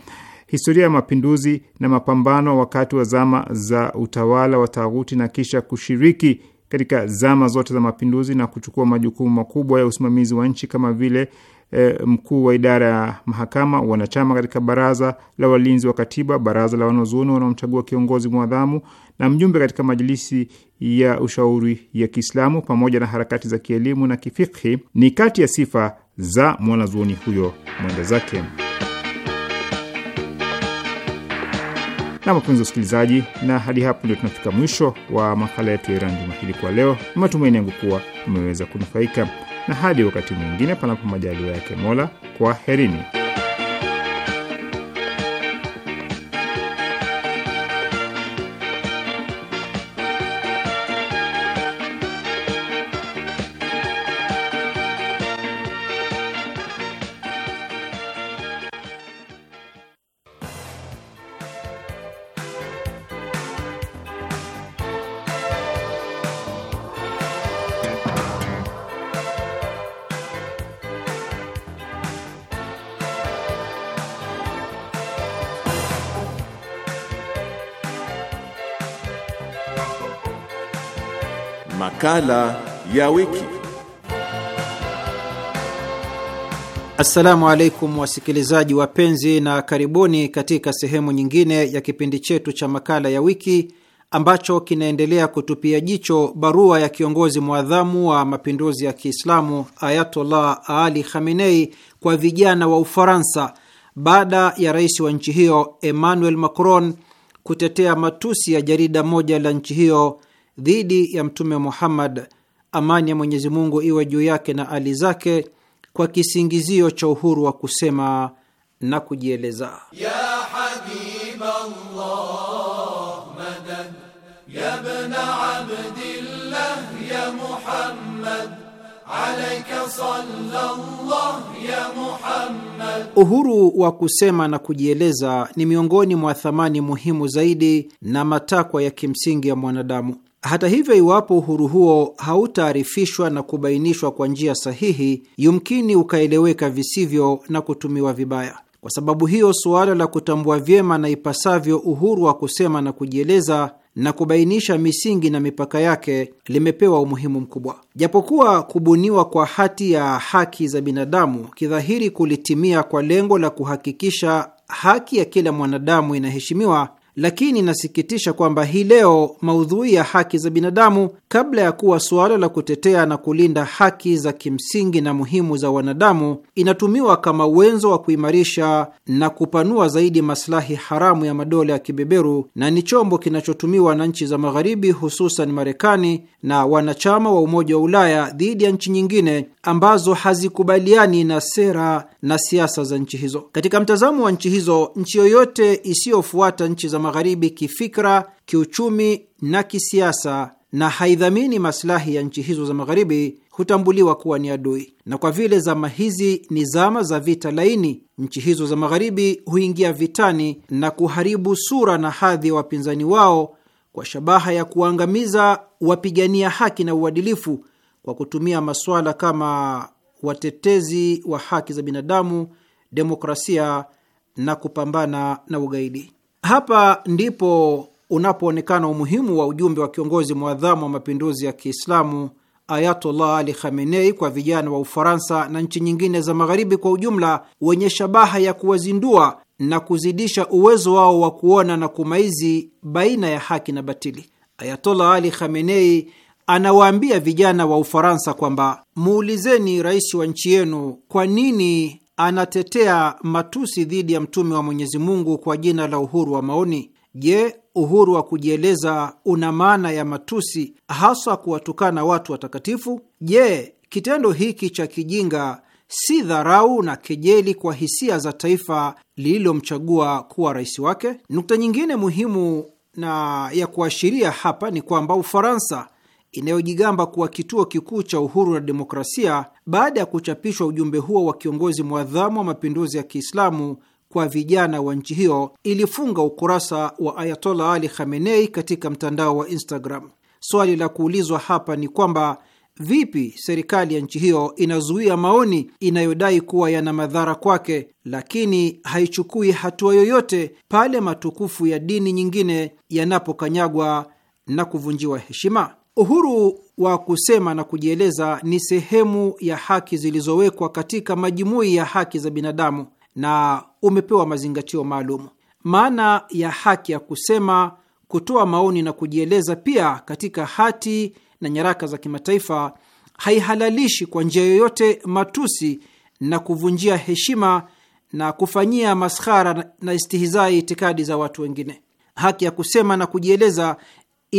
historia ya mapinduzi na mapambano wakati wa zama za utawala wa taghuti na kisha kushiriki katika zama zote za mapinduzi na kuchukua majukumu makubwa ya usimamizi wa nchi kama vile e, mkuu wa idara ya mahakama, wanachama katika baraza la walinzi wa katiba, baraza la wanazuoni wanaomchagua kiongozi mwadhamu na mjumbe katika majilisi ya ushauri ya Kiislamu, pamoja na harakati za kielimu na kifikhi, ni kati ya sifa za mwanazuoni huyo mwenda zake. Na a usikilizaji na hadi hapo ndio tunafika mwisho wa makala yetu ya Iran juma hili kwa leo. Matumaini yangu kuwa umeweza kunufaika, na hadi wakati mwingine, panapo majaliwa yake Mola, kwa herini Makala ya wiki. Assalamu alaikum wasikilizaji wapenzi, na karibuni katika sehemu nyingine ya kipindi chetu cha makala ya wiki ambacho kinaendelea kutupia jicho barua ya kiongozi mwadhamu wa mapinduzi ya Kiislamu Ayatollah Ali Khamenei kwa vijana wa Ufaransa baada ya rais wa nchi hiyo Emmanuel Macron kutetea matusi ya jarida moja la nchi hiyo dhidi ya Mtume Muhammad, amani ya Mwenyezi Mungu iwe juu yake na ali zake, kwa kisingizio cha uhuru wa kusema na kujieleza ya ya abdillah, ya Muhammad, alayka ya Muhammad. Uhuru wa kusema na kujieleza ni miongoni mwa thamani muhimu zaidi na matakwa ya kimsingi ya mwanadamu. Hata hivyo, iwapo uhuru huo hautaarifishwa na kubainishwa kwa njia sahihi, yumkini ukaeleweka visivyo na kutumiwa vibaya. Kwa sababu hiyo, suala la kutambua vyema na ipasavyo uhuru wa kusema na kujieleza na kubainisha misingi na mipaka yake limepewa umuhimu mkubwa. Japokuwa kubuniwa kwa hati ya haki za binadamu kidhahiri kulitimia kwa lengo la kuhakikisha haki ya kila mwanadamu inaheshimiwa, lakini inasikitisha kwamba hii leo maudhui ya haki za binadamu, kabla ya kuwa suala la kutetea na kulinda haki za kimsingi na muhimu za wanadamu, inatumiwa kama wenzo wa kuimarisha na kupanua zaidi masilahi haramu ya madola ya kibeberu na ni chombo kinachotumiwa na nchi za Magharibi, hususan Marekani na wanachama wa Umoja wa Ulaya dhidi ya nchi nyingine ambazo hazikubaliani na sera na siasa za nchi hizo. Katika mtazamo wa nchi hizo, nchi yoyote isiyofuata nchi za magharibi kifikra, kiuchumi na kisiasa na haidhamini masilahi ya nchi hizo za magharibi hutambuliwa kuwa ni adui. Na kwa vile zama hizi ni zama za vita laini, nchi hizo za magharibi huingia vitani na kuharibu sura na hadhi ya wapinzani wao kwa shabaha ya kuwaangamiza wapigania haki na uadilifu kwa kutumia masuala kama watetezi wa haki za binadamu, demokrasia na kupambana na ugaidi. Hapa ndipo unapoonekana umuhimu wa ujumbe wa kiongozi mwadhamu wa mapinduzi ya Kiislamu Ayatollah Ali Khamenei kwa vijana wa Ufaransa na nchi nyingine za Magharibi kwa ujumla, wenye shabaha ya kuwazindua na kuzidisha uwezo wao wa kuona na kumaizi baina ya haki na batili. Ayatollah Ali Khamenei anawaambia vijana wa Ufaransa kwamba muulizeni rais wa nchi yenu kwa nini anatetea matusi dhidi ya mtume wa Mwenyezi Mungu kwa jina la uhuru wa maoni. Je, uhuru wa kujieleza una maana ya matusi, haswa kuwatukana watu watakatifu? Je, kitendo hiki cha kijinga si dharau na kejeli kwa hisia za taifa lililomchagua kuwa rais wake? Nukta nyingine muhimu na ya kuashiria hapa ni kwamba Ufaransa inayojigamba kuwa kituo kikuu cha uhuru na demokrasia, baada ya kuchapishwa ujumbe huo wa kiongozi mwadhamu wa mapinduzi ya Kiislamu kwa vijana wa nchi hiyo, ilifunga ukurasa wa Ayatollah Ali Khamenei katika mtandao wa Instagram. Swali la kuulizwa hapa ni kwamba vipi serikali ya nchi hiyo inazuia maoni inayodai kuwa yana madhara kwake, lakini haichukui hatua yoyote pale matukufu ya dini nyingine yanapokanyagwa na kuvunjiwa heshima? Uhuru wa kusema na kujieleza ni sehemu ya haki zilizowekwa katika majumui ya haki za binadamu na umepewa mazingatio maalum. Maana ya haki ya kusema, kutoa maoni na kujieleza, pia katika hati na nyaraka za kimataifa, haihalalishi kwa njia yoyote matusi na kuvunjia heshima na kufanyia maskhara na istihizai itikadi za watu wengine. Haki ya kusema na kujieleza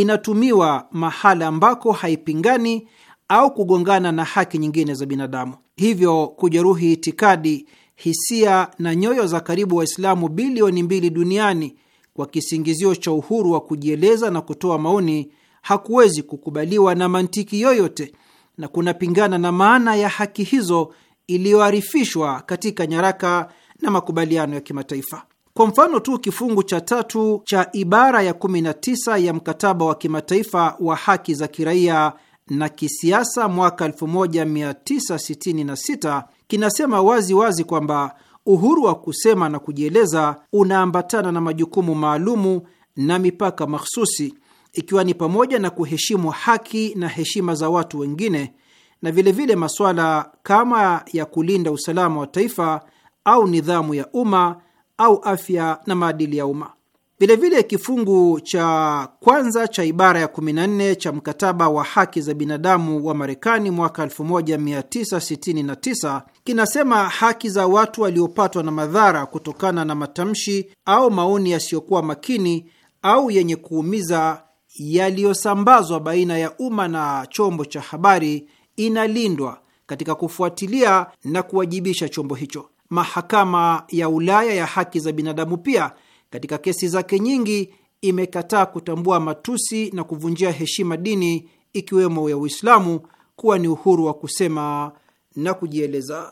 inatumiwa mahala ambako haipingani au kugongana na haki nyingine za binadamu, hivyo kujeruhi itikadi, hisia na nyoyo za karibu Waislamu bilioni mbili duniani kwa kisingizio cha uhuru wa kujieleza na kutoa maoni hakuwezi kukubaliwa na mantiki yoyote na kunapingana na maana ya haki hizo iliyoarifishwa katika nyaraka na makubaliano ya kimataifa. Kwa mfano tu kifungu cha tatu cha ibara ya 19 ya mkataba wa kimataifa wa haki za kiraia na kisiasa mwaka 1966 kinasema wazi wazi kwamba uhuru wa kusema na kujieleza unaambatana na majukumu maalumu na mipaka mahsusi, ikiwa ni pamoja na kuheshimu haki na heshima za watu wengine na vilevile vile masuala kama ya kulinda usalama wa taifa au nidhamu ya umma au afya na maadili ya umma. Vilevile, kifungu cha kwanza cha ibara ya 14 cha mkataba wa haki za binadamu wa Marekani mwaka 1969 kinasema haki za watu waliopatwa na madhara kutokana na matamshi au maoni yasiyokuwa makini au yenye kuumiza yaliyosambazwa baina ya umma na chombo cha habari inalindwa katika kufuatilia na kuwajibisha chombo hicho mahakama ya Ulaya ya haki za binadamu pia katika kesi zake nyingi imekataa kutambua matusi na kuvunjia heshima dini ikiwemo ya Uislamu kuwa ni uhuru wa kusema na kujieleza.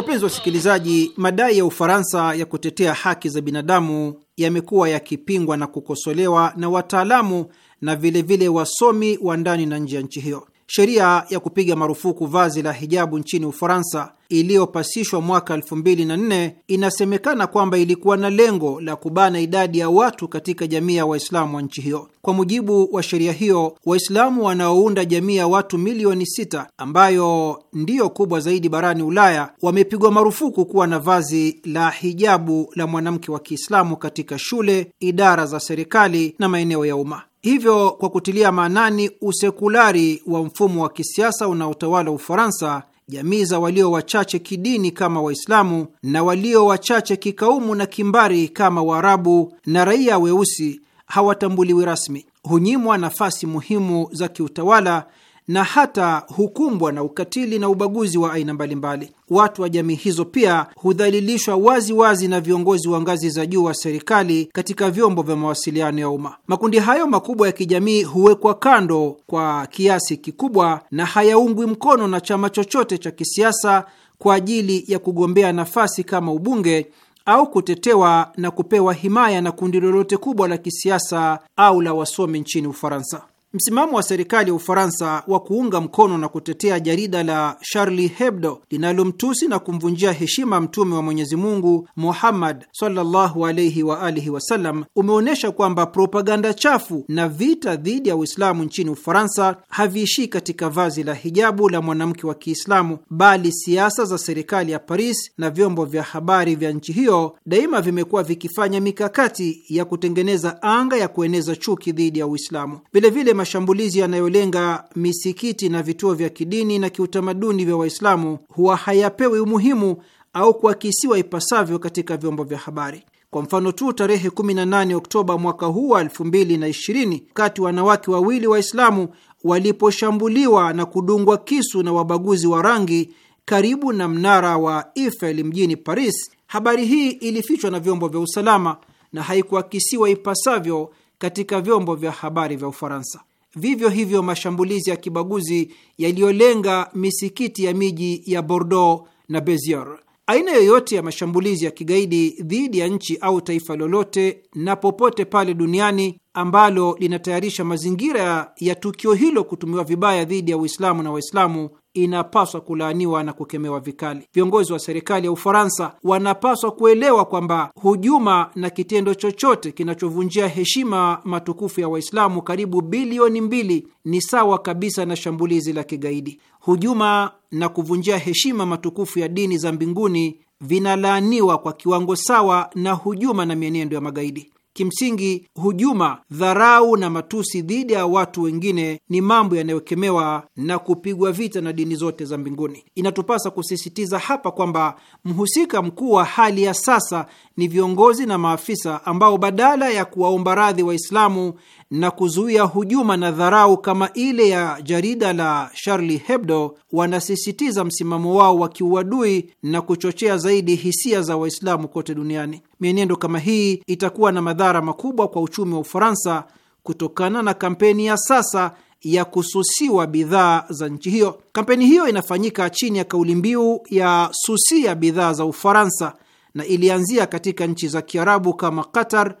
Wapenzi wasikilizaji, madai ya Ufaransa ya kutetea haki za binadamu yamekuwa yakipingwa na kukosolewa na wataalamu na vilevile vile wasomi wa ndani na nje ya nchi hiyo. Sheria ya kupiga marufuku vazi la hijabu nchini Ufaransa iliyopasishwa mwaka 2004 inasemekana kwamba ilikuwa na lengo la kubana idadi ya watu katika jamii ya Waislamu wa nchi hiyo. Kwa mujibu wa sheria hiyo, Waislamu wanaounda jamii ya watu milioni sita ambayo ndiyo kubwa zaidi barani Ulaya wamepigwa marufuku kuwa na vazi la hijabu la mwanamke wa Kiislamu katika shule, idara za serikali na maeneo ya umma. Hivyo, kwa kutilia maanani usekulari wa mfumo wa kisiasa unaotawala Ufaransa, jamii za walio wachache kidini kama Waislamu na walio wachache kikaumu na kimbari kama Waarabu na raia weusi hawatambuliwi rasmi, hunyimwa nafasi muhimu za kiutawala na hata hukumbwa na ukatili na ubaguzi wa aina mbalimbali. Watu wa jamii hizo pia hudhalilishwa wazi wazi na viongozi wa ngazi za juu wa serikali katika vyombo vya mawasiliano ya umma. Makundi hayo makubwa ya kijamii huwekwa kando kwa kiasi kikubwa na hayaungwi mkono na chama chochote cha kisiasa kwa ajili ya kugombea nafasi kama ubunge au kutetewa na kupewa himaya na kundi lolote kubwa la kisiasa au la wasomi nchini Ufaransa. Msimamo wa serikali ya Ufaransa wa kuunga mkono na kutetea jarida la Charlie Hebdo linalomtusi na kumvunjia heshima mtume wa Mwenyezi Mungu Muhammad sallallahu alaihi wa alihi wasallam umeonyesha kwamba propaganda chafu na vita dhidi ya Uislamu nchini Ufaransa haviishii katika vazi la hijabu la mwanamke wa Kiislamu, bali siasa za serikali ya Paris na vyombo vya habari vya nchi hiyo daima vimekuwa vikifanya mikakati ya kutengeneza anga ya kueneza chuki dhidi ya Uislamu. Vilevile mashambulizi yanayolenga misikiti na vituo vya kidini na kiutamaduni vya Waislamu huwa hayapewi umuhimu au kuakisiwa ipasavyo katika vyombo vya habari. Kwa mfano tu, tarehe 18 Oktoba mwaka huu wa 2020 wakati wanawake wawili Waislamu waliposhambuliwa na kudungwa kisu na wabaguzi wa rangi karibu na mnara wa Eiffel mjini Paris, habari hii ilifichwa na vyombo vya usalama na haikuakisiwa ipasavyo katika vyombo vya habari vya Ufaransa. Vivyo hivyo mashambulizi ya kibaguzi yaliyolenga misikiti ya miji ya Bordeaux na Beziers. Aina yoyote ya mashambulizi ya kigaidi dhidi ya nchi au taifa lolote na popote pale duniani ambalo linatayarisha mazingira ya tukio hilo kutumiwa vibaya dhidi ya Uislamu na Waislamu inapaswa kulaaniwa na kukemewa vikali. Viongozi wa serikali ya Ufaransa wanapaswa kuelewa kwamba hujuma na kitendo chochote kinachovunjia heshima matukufu ya Waislamu karibu bilioni mbili ni sawa kabisa na shambulizi la kigaidi. Hujuma na kuvunjia heshima matukufu ya dini za mbinguni vinalaaniwa kwa kiwango sawa na hujuma na mienendo ya magaidi. Kimsingi, hujuma, dharau na matusi dhidi ya watu wengine ni mambo yanayokemewa na kupigwa vita na dini zote za mbinguni. Inatupasa kusisitiza hapa kwamba mhusika mkuu wa hali ya sasa ni viongozi na maafisa ambao badala ya kuwaomba radhi Waislamu na kuzuia hujuma na dharau kama ile ya jarida la Charlie Hebdo, wanasisitiza msimamo wao wa kiuadui na kuchochea zaidi hisia za Waislamu kote duniani. Mienendo kama hii itakuwa na madhara makubwa kwa uchumi wa Ufaransa kutokana na kampeni ya sasa ya kususiwa bidhaa za nchi hiyo. Kampeni hiyo inafanyika chini ya kauli mbiu ya susia bidhaa za Ufaransa na ilianzia katika nchi za Kiarabu kama Qatar,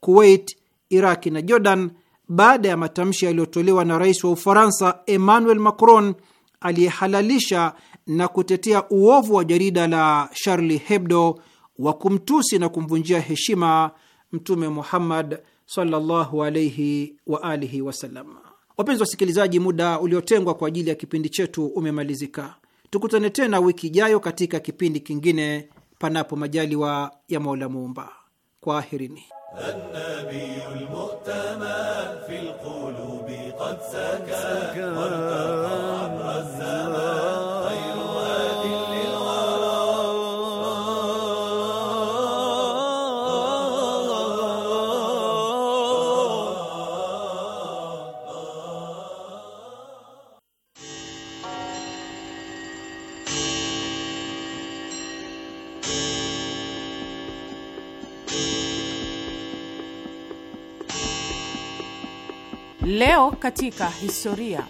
Kuwait, Iraki na Jordan baada ya matamshi yaliyotolewa na rais wa Ufaransa Emmanuel Macron aliyehalalisha na kutetea uovu wa jarida la Charlie Hebdo wa kumtusi na kumvunjia heshima Mtume Muhammad sallallahu alayhi wa alihi wasallam. Wapenzi wasikilizaji, muda uliotengwa kwa ajili ya kipindi chetu umemalizika. Tukutane tena wiki ijayo katika kipindi kingine panapo majaliwa ya Mola Muumba. ahirini Leo katika historia.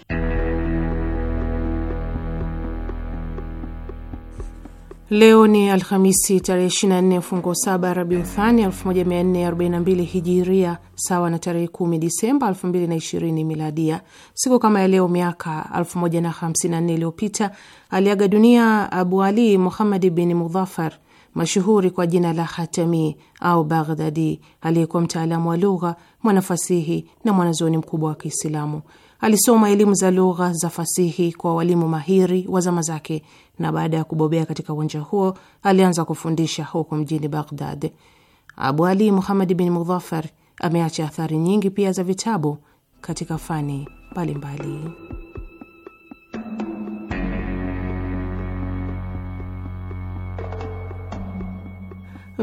Leo ni Alhamisi tarehe 24 mfungo saba Rabiuthani 1442 hijiria sawa na tarehe 10 Disemba 2020 miladia. Siku kama ya leo miaka 1054 iliyopita aliaga dunia Abu Ali Muhammad bin Mudhafar mashuhuri kwa jina la Hatami au Baghdadi, aliyekuwa mtaalamu wa lugha, mwanafasihi na mwanazuoni mkubwa wa Kiislamu. Alisoma elimu za lugha za fasihi kwa walimu mahiri wa zama zake, na baada ya kubobea katika uwanja huo alianza kufundisha huko mjini Baghdad. Abu Ali Muhammad bin Mudhafar ameacha athari nyingi pia za vitabu katika fani mbalimbali.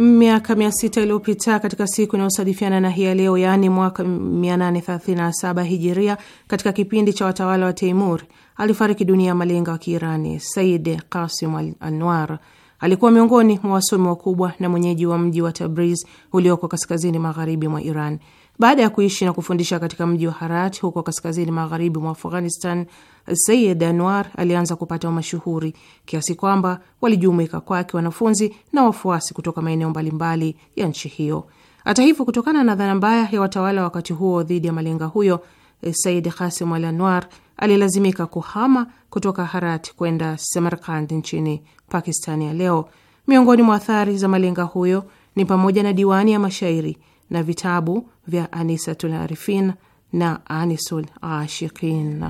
miaka mia sita iliyopita katika siku inayosadifiana na hii leo, yaani mwaka 837 hijiria, katika kipindi cha watawala wa Teimur alifariki dunia ya malenga wa Kiirani Said kasim al-Anwar. Alikuwa miongoni mwa wasomi wakubwa na mwenyeji wa mji wa Tabriz ulioko kaskazini magharibi mwa Iran. Baada ya kuishi na kufundisha katika mji wa Harat huko kaskazini magharibi mwa Afghanistan, Sayid Anwar alianza kupata mashuhuri kiasi kwamba walijumuika kwake wanafunzi na wafuasi kutoka maeneo mbalimbali ya nchi hiyo. Hata hivyo, kutokana na dhana mbaya ya watawala wakati huo dhidi ya malenga huyo, Sayid Hasim Al Anwar alilazimika kuhama kutoka Harat kwenda Samarkand nchini Pakistani ya leo. Miongoni mwa athari za malenga huyo ni pamoja na diwani ya mashairi na vitabu vya Anisatul Arifin na Anisul Ashikin.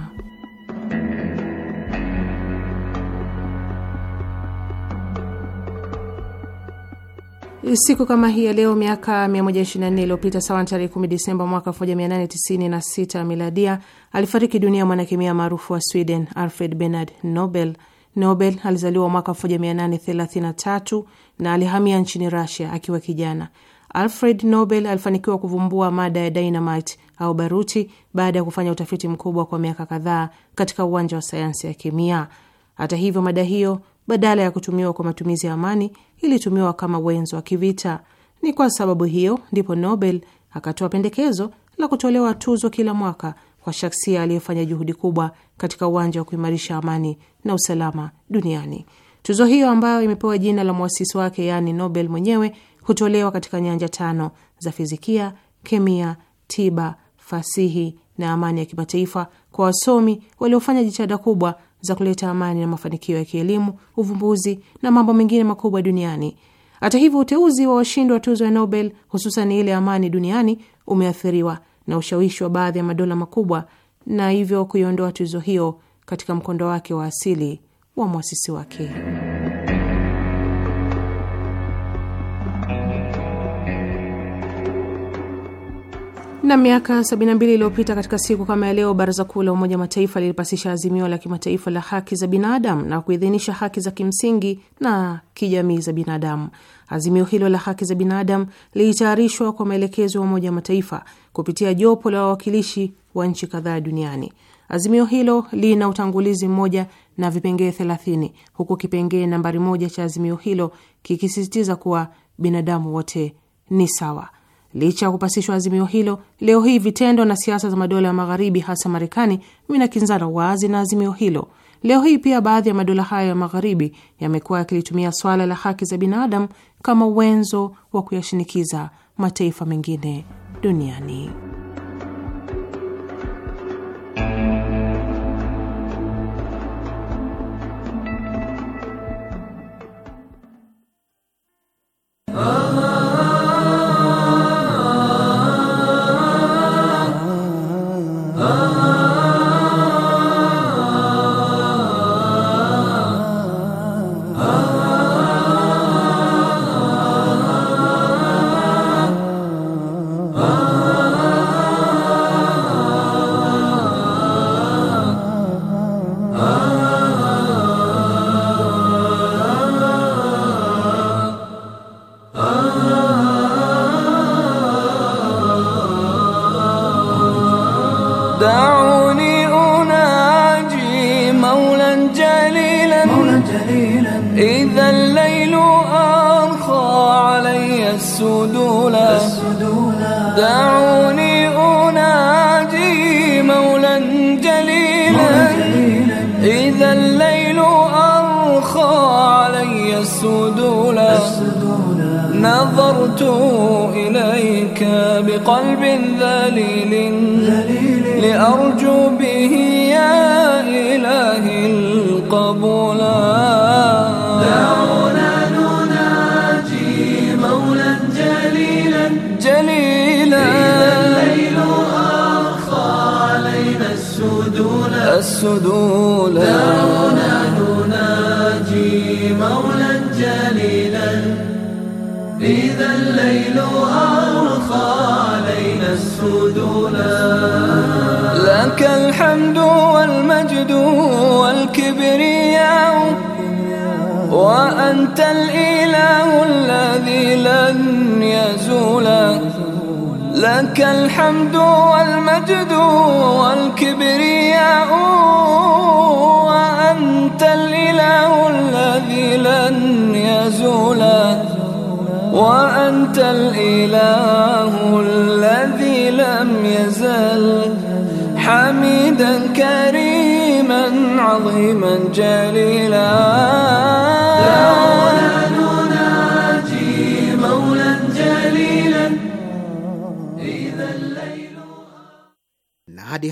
Siku kama hii ya leo miaka 124 iliyopita, sawa na tarehe 10 Disemba mwaka 1896 miladia, alifariki dunia mwanakemia maarufu wa Sweden Alfred Bernard Nobel. Nobel alizaliwa mwaka 1833 na alihamia nchini Russia akiwa kijana. Alfred Nobel alifanikiwa kuvumbua mada ya dynamite au baruti baada ya kufanya utafiti mkubwa kwa miaka kadhaa katika uwanja wa sayansi ya kemia. Hata hivyo, mada hiyo badala ya kutumiwa kwa matumizi ya amani ilitumiwa kama wenzo wa kivita. Ni kwa sababu hiyo ndipo Nobel akatoa pendekezo la kutolewa tuzo kila mwaka kwa shaksia aliyefanya juhudi kubwa katika uwanja wa kuimarisha amani na usalama duniani. Tuzo hiyo ambayo imepewa jina la mwasisi wake, yaani Nobel mwenyewe, hutolewa katika nyanja tano za fizikia, kemia, tiba, fasihi na amani ya kimataifa kwa wasomi waliofanya jitihada kubwa za kuleta amani na mafanikio ya kielimu, uvumbuzi na mambo mengine makubwa duniani. Hata hivyo, uteuzi wa washindi wa tuzo ya Nobel, hususan ile amani duniani, umeathiriwa na ushawishi wa baadhi ya madola makubwa na hivyo kuiondoa tuzo hiyo katika mkondo wake wa asili wa mwasisi wake. Takriban miaka 72 iliyopita katika siku kama ya leo, Baraza Kuu la Umoja Mataifa lilipasisha azimio la kimataifa la haki za binadamu na kuidhinisha haki za kimsingi na kijamii za binadamu. Azimio hilo la haki za binadamu lilitayarishwa kwa maelekezo ya Umoja Mataifa kupitia jopo la wawakilishi wa nchi kadhaa duniani. Azimio hilo lina utangulizi mmoja na vipengee thelathini huku kipengee nambari moja cha azimio hilo kikisisitiza kuwa binadamu wote ni sawa. Licha ya kupasishwa azimio hilo, leo hii vitendo na siasa za madola ya Magharibi, hasa Marekani, vinakinzana wazi na azimio hilo. Leo hii pia baadhi ya madola hayo ya Magharibi yamekuwa yakilitumia swala la haki za binadamu kama wenzo wa kuyashinikiza mataifa mengine duniani. سدولا دعونا نناجي مولا جليلا إذا الليل أرخى علينا السدولا لك الحمد والمجد والكبرياء وأنت الإله الذي لا لك الحمد والمجد والكبرياء وأنت الإله الذي لن يزول وأنت الإله الذي لم يزل حميدا كريما عظيما جليلا